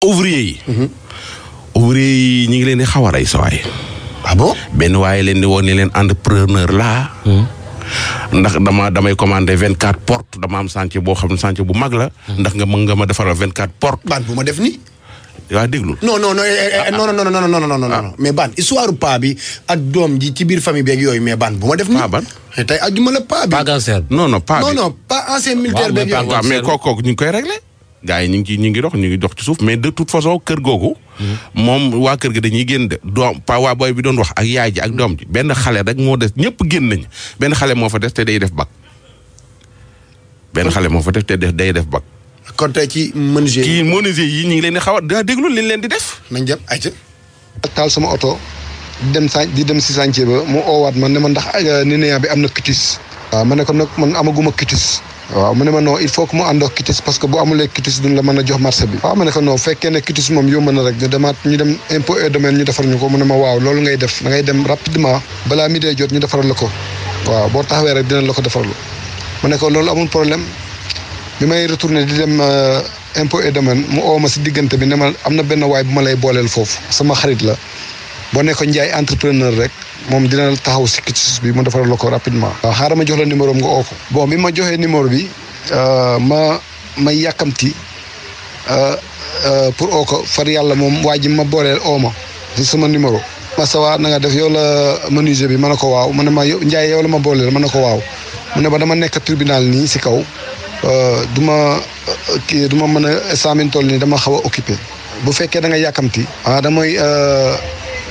ouvrier yi. ouvrier yi ñu ngi leen di xaw a rey sa waay. ah bon benn waaye leen di woon ne leen entrepreneur laa. ndax dama damay commandé vingt quatre portes dama am chantier boo xam ne chantier bu mag la. ndax nga mën nga ma defaral vingt quatre portes. ban bu ma def nii. waa déglu. non eh, eh, eh, non non non non non non non non mais ban histoire paa bi ak doom ji ci biir famille yooyu mais ban bu ma def nii. paa ban tey ajuma la paa bi. paa non non paa bi non non paa ancien militaire beeg yooyu. mais kooku ñu ngi koy réglé. gaa yi ñu ngi ñu ngi dox ñu ngi dox ci suuf mais de toute façon kër googu. moom waa kër gi dañuy génn de doom pa waa booy bi doon wax ak yaay ji ak doom ji benn xale rek moo des ñëpp génn nañ benn xale moo fa des day def bac. benn xale moo fa def te day def bag kon tey ci menuisier yi. kii menuisier ñu ngi leen di xaw a daa déglu li leen di def. nañ jëm ayca. taal sama oto dem sa di dem si chantier ba mu oowaat man ne ma ndax euh, ni néant bi am na kitis. waaw ma ne ko nag man amaguma kitis. waaw mu ne ma non il faut que mu àndoo kitis parce que bu amulee kitis duñ la mën a jox marché bi waaw ma ne ko non fekkee ne kitis moom yomb na rek ñu demaat ñu dem impôt et domaine ñu balaa mi dee jot ñu defaral la ko waaw boo taxawee rek dina la ko defaral ma ne ko loolu amul problème bi may retourner di dem euh, impôt et domaine mu oo ma si diggante bi ne ma am na benn waay bu ma lay booleel foofu sama xarit la boo nekkoon njaay entrepreneur rek moom dina taxaw sikki ci bi mu defar la ko rapidement. waaw xaaral ma jox la numéro nga oo ko. bon ma joxee numéro bi euh, ma ma yàkkamti euh, euh, pour oo ko far yàlla moom waa ji ma booleel oo ma ci sama numéro. ma sawa na nga def yow la menuisier bi ma ne ko waaw mu ne ma Ndiaye yow la ma booleel ma ne ko waaw mu ne ba dama nekk tribunal nii si kaw du ma kii du mën a saamin toll nii dama xaw a occupé bu fekkee da yàkkamti. ah damay.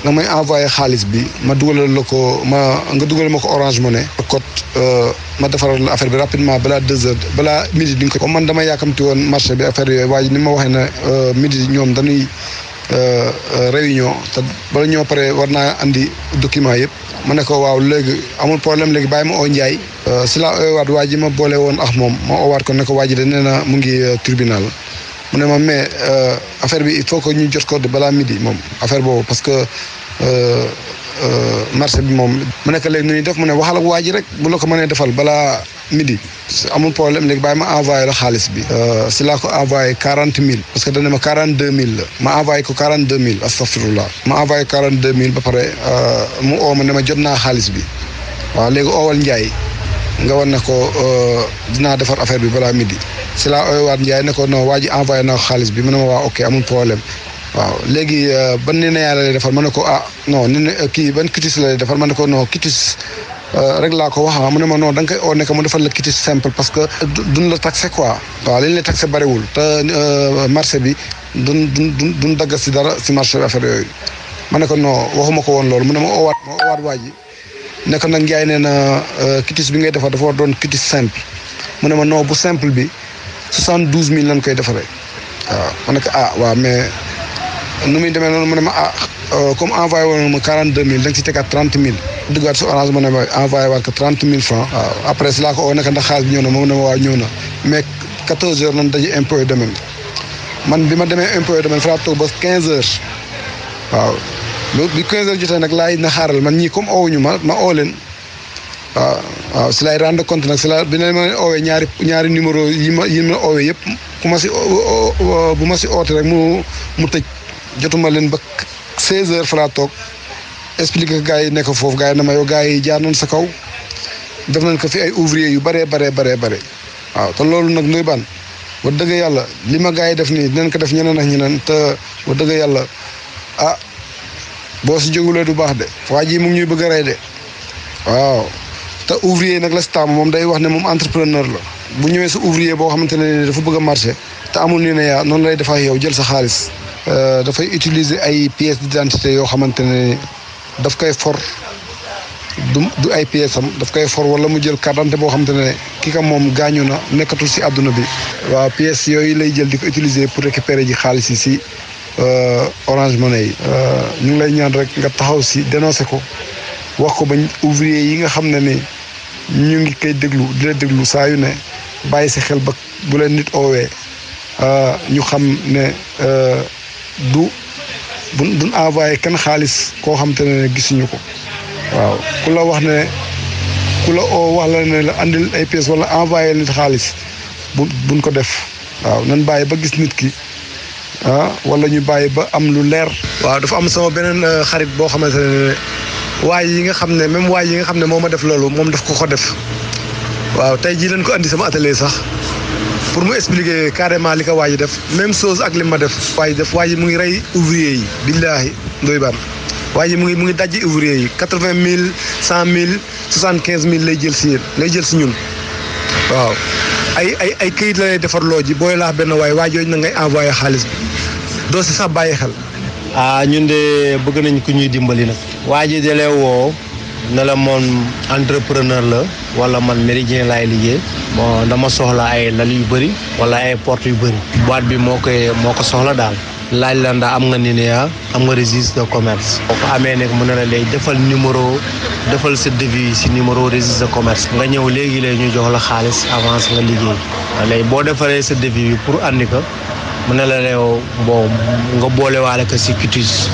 nga may envoyé xaalis bi ma dugalal la ko ma nga dugalal ma ko orange money. code euh, ma defaral la affaire bi rapidement balaa deux heures balaa midi di nga ko. man dama yàkkamti woon marché bi affaire yooyu waaye ni ma waxee ne euh, midi ñoom dañuy euh, réunion te bala ñoo pare war naa andi document yëpp. ma ne ko waaw léegi amul problème léegi baay ma oo Ndiaye. si la oowaat waa ji ma boole woon ax moom ma oowaat ko ne ko waa ji de nee na mu ngi tribunal. mu ne ma mais affaire bi il faut que ñu jot ko balaa midi moom affaire boobu parce que. Euh, euh, marché bi moom mu nekk léegi nu ñuy def mu ne waxal ak waa ji rek bu la ko mënee defal balaa midi amul problème léegi bàyyi ma envoyé la xaalis bi euh, si laa ko envoyé quarante mille parce que dana ma quarante deux mille ma envoyé ko quarante deux mille astafirullah ma envoyé quarante ba pare mu oo ma ne ma jot naa xaalis bi waaw léegi oowal Ndiaye nga war ne ko dinaa defar affaire bi balaa midi si laa oowaat Ndiaye ne ko non waa ji envoyé naa xaalis bi mu ne ma waa ok amul problème waaw léegi euh, ban nee na yàlla defal ma ne ko ah non nee na euh, kii ban kitis la defal ma ne ko no kitis euh, rek laa ko wax ah mu ne ma non da nga koy oo defal la kitis simple parce que duñ la taxé quoi. waaw li ñu la taxé bariwul te marché bi duñ duñ duñ duñ si dara si marché affaire yooyu ma ne ko non waxuma ko woon loolu mu ne ma oowaat ma oowaat waa ji ne ko nag nee na kitis bi ngay defar dafa doon kitis simple mu ne ma non bu simple bi soixante douze mille lañ koy defaree waaw ma ne ko ah waaw mais. nu muy demee noonu mu ne ma ah euh, comme envoyé woon ma quarante deux mille da nga ci tegaat trente mille duggaat si orange mu ne ma envoyé waat ko trente mille franc waaw après si laa ko oo naka ndax xaalis bi ñëw na moom ne ma waa ñëw na bi ma demee impôt domaine fa laa toog ba quinze waaw loolu bi quinze heures nag laay na xaaral man ñii comme oowuñu ma ma oo leen waaw waaw si laay rendre compte nag si la bi ne ma oowee ñaari ñaari numéro yi ma yi ma oowee yëpp bu ma si oote rek mu mu tëj jotuma leen ba 16 heures fa laa toog expliqué gars yi nekk foofu gars yi na ma gars yi jaar sa kaw def nañ ko fi ay ouvrier yu baree baree baree bare waaw te loolu nag ndoy baan wax dëgg yàlla li ma gars yi def nii dinañ ko def ñeneen ak ñeneen te wax yàlla ah boo si jógulee du baax de waa ji mu ñuy bëgg a rey de waaw te ouvrier nag la si moom day wax ne moom entrepreneur la bu ñëwee sa ouvrier boo xamante ne dafa bëgg a marché te amul ni ne yaa noonu lay defaa yow jël sa xaalis Euh, dafay utiliser ay pièces d'identité yoo xamante ne daf koy for du ay pièces am daf koy for wala mu jël carte boo xamante ne ki ka moom gaañu na nekkatul si àdduna bi. waaw pièces yooyu lay jël di ko utiliser pour récupérer ji xaalis yi si euh, Orange ne yi. Euh, ñu ngi lay ñaan rek nga taxaw si dénoncé ko wax ko bañ ouvrier yi nga xam ne ni ñu ngi koy déglu di la déglu saa yu ne bàyyi si xel ba bu leen nit oowee ñu xam ne. du buñ buñ envoyé kenn xaalis koo xam ne gisuñu ko waaw ku la wax ne ku la oo wax la ne la andil ay pièces wala envoyé nit xaalis bu buñ ko def waaw nan bàyyi ba gis nit ki ah wala ñu bàyyi ba am lu leer. waaw dafa am sama beneen euh, xarit boo xamante ne waay yi nga xam ne même waay yi nga xam ne moom ma def loolu moom daf ko ko def waaw tey jii leen ko indi sama atelier sax. pour mu expliquer carrément li ko waa ji def même chose ak li ma def waa ji def waa ji mu ngi rey ouvrier yi billaahi ndoy baan waa ji mu ngi mu ngi dajji ouvrier yi quatre-vingt mille cent mille soixante-quinze mille lay jël si yéen lay jël si ñun waaw ay ay ay këyit la lay defar loo ji booy laax benn waay waa jooju na ngay envoyé xaalis bi doo si sax bàyyi xel ah ñun de bëgg nañ ku ñuy dimbali nag waa ji dalee ne la moom entrepreneur la wala man méridien laay liggéey bon dama soxla ay lal yu bëri wala ay porte yu bëri boîte bi moo koy moo ko soxla daal laaj la ndax am nga NINEA am nga registre de commerce boo ko amee nag mu ne la léegi defal numéro defal sa devis si numéro registre de commerce nga ñëw léegi léegi ñu jox la xaalis avance nga liggéey léegi boo defaree sa devis bi pour andi ko mu ne la léew bon nga boolewaale ko si cutis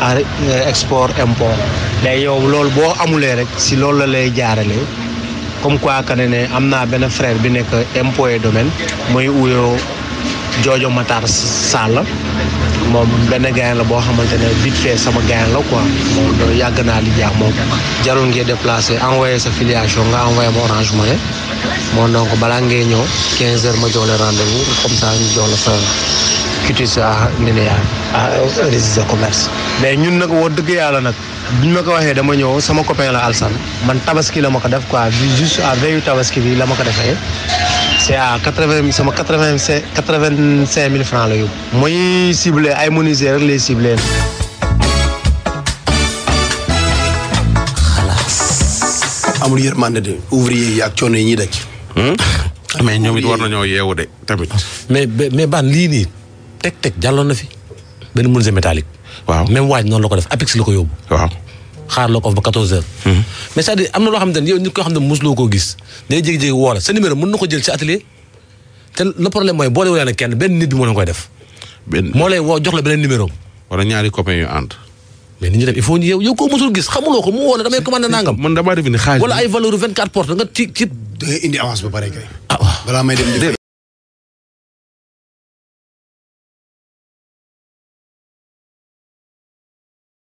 à euh, export import day yow loolu boo amulee rek si loolu la lay jaarale comme quoi que ne ne am naa benn frère bi nekk impôt et domaine mooy joojo Jojo Matar Sall moom benn gayan la boo xamante ne vite fait sama gayan la quoi moom loolu yàgg naa li jaax moom jarul ngee déplacé envoyé sa filiation nga envoyé ma Orange Money moom donc balaa ngay ñëw 15 heures ma jox la rendez comme ça ñu jox la sa cutis à nene à de commerce mais ñun nag woo dëgg yàlla nag biñ ma ko waxee dama ñëw sama copain la Alsan man tabaski la ma ko def quoi juste à veille tabaski bi la ma ko defee c'est à quatre vingt sama quatre vingt cinq quatre vingt cinq mille francs la yóbbu. mooy ciblé ay menuisier rek lay ciblé. xalaas. amul yërmande de ouvrier yi ak coono yi ñuy daj. Hmm? mais ñoom it war nañoo yeewu de tamit. mais mais ban lii nii teg teg jàlloon na fi benn menuisier métallique. waaw même waañ noonu la ko def apix la ko yóbbu. waaw xaar loo ko fa ba heures. Mhm. mais c'est-à-dire am na loo xam ne yow nit koo xam ne mosuloo koo gis day jékki-jékki woo la sa numéro mën na koy def. moo lay woo jox la beneen numéro. wala ñaari copains yu ànd. mais ni ñu def il faut ñu yow yow koo mosul gis xamuloo ko mu woo la damay commandé nangam. man damaa def ni xaalis wala ay valeur vingt quatre nga ci ci. indi avance ba pare kay. ah waaw